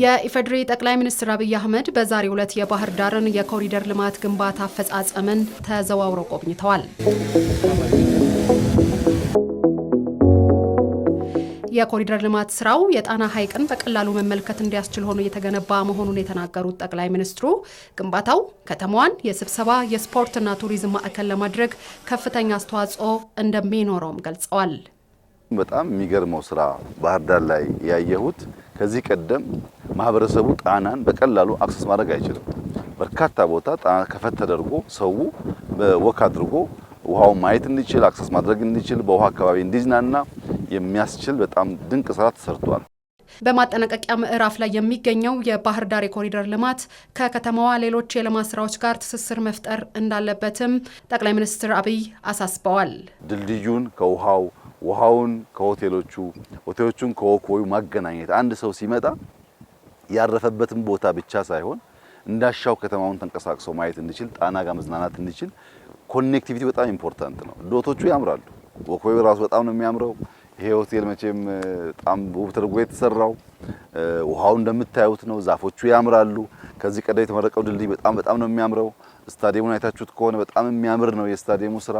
የኢፌዴሪ ጠቅላይ ሚኒስትር አብይ አህመድ በዛሬው ዕለት የባህር ዳርን የኮሪደር ልማት ግንባታ አፈጻጸምን ተዘዋውረው ጎብኝተዋል። የኮሪደር ልማት ስራው የጣና ሐይቅን በቀላሉ መመልከት እንዲያስችል ሆኖ እየተገነባ መሆኑን የተናገሩት ጠቅላይ ሚኒስትሩ ግንባታው ከተማዋን የስብሰባ የስፖርትና ቱሪዝም ማዕከል ለማድረግ ከፍተኛ አስተዋጽኦ እንደሚኖረውም ገልጸዋል። በጣም የሚገርመው ስራ ባህር ዳር ላይ ያየሁት ከዚህ ቀደም ማህበረሰቡ ጣናን በቀላሉ አክሰስ ማድረግ አይችልም። በርካታ ቦታ ጣና ከፈት ተደርጎ ሰው በወክ አድርጎ ውሃው ማየት እንዲችል አክሰስ ማድረግ እንዲችል በውሃ አካባቢ እንዲዝናና የሚያስችል በጣም ድንቅ ስራ ተሰርቷል። በማጠናቀቂያ ምዕራፍ ላይ የሚገኘው የባህር ዳር የኮሪደር ልማት ከከተማዋ ሌሎች የልማት ስራዎች ጋር ትስስር መፍጠር እንዳለበትም ጠቅላይ ሚኒስትር አብይ አሳስበዋል። ድልድዩን ከውሃው ውሃውን ከሆቴሎቹ ሆቴሎቹን ከወክ ወዩ ማገናኘት አንድ ሰው ሲመጣ ያረፈበትን ቦታ ብቻ ሳይሆን እንዳሻው ከተማውን ተንቀሳቅሶ ማየት እንችል፣ ጣና ጋር መዝናናት እንችል። ኮኔክቲቪቲ በጣም ኢምፖርታንት ነው። ዶቶቹ ያምራሉ። ወኮይ ራሱ በጣም ነው የሚያምረው። ይሄ ሆቴል መቼም በጣም ውብ ተደርጎ የተሰራው ውሃው እንደምታዩት ነው። ዛፎቹ ያምራሉ። ከዚህ ቀደም የተመረቀው ድልድይ በጣም በጣም ነው የሚያምረው። ስታዲየሙን አይታችሁት ከሆነ በጣም የሚያምር ነው የስታዲየሙ ስራ።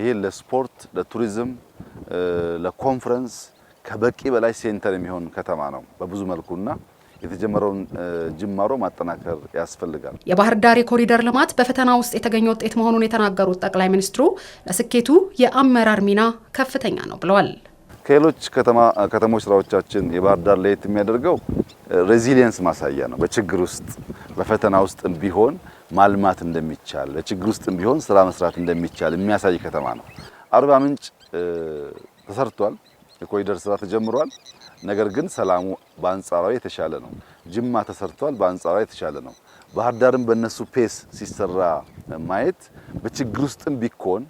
ይሄ ለስፖርት፣ ለቱሪዝም፣ ለኮንፈረንስ ከበቂ በላይ ሴንተር የሚሆን ከተማ ነው በብዙ መልኩና የተጀመረውን ጅማሮ ማጠናከር ያስፈልጋል። የባህር ዳር የኮሪደር ልማት በፈተና ውስጥ የተገኘ ውጤት መሆኑን የተናገሩት ጠቅላይ ሚኒስትሩ ለስኬቱ የአመራር ሚና ከፍተኛ ነው ብለዋል። ከሌሎች ከተሞች ስራዎቻችን የባህር ዳር ለየት የሚያደርገው ሬዚሊየንስ ማሳያ ነው። በችግር ውስጥ በፈተና ውስጥም ቢሆን ማልማት እንደሚቻል፣ በችግር ውስጥም ቢሆን ስራ መስራት እንደሚቻል የሚያሳይ ከተማ ነው። አርባ ምንጭ ተሰርቷል። የኮሪደር ስራ ተጀምሯል። ነገር ግን ሰላሙ በአንጻራዊ የተሻለ ነው። ጅማ ተሰርቷል፣ በአንጻራዊ የተሻለ ነው። ባህር ዳርም በእነሱ ፔስ ሲሰራ ማየት በችግር ውስጥም ቢኮን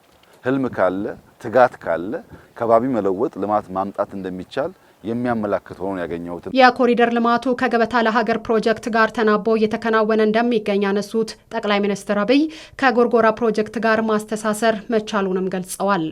ህልም ካለ ትጋት ካለ ከባቢ መለወጥ ልማት ማምጣት እንደሚቻል የሚያመላክት ሆኖ ያገኘሁት። የኮሪደር ልማቱ ከገበታ ለሀገር ፕሮጀክት ጋር ተናቦ እየተከናወነ እንደሚገኝ ያነሱት ጠቅላይ ሚኒስትር አብይ ከጎርጎራ ፕሮጀክት ጋር ማስተሳሰር መቻሉንም ገልጸዋል።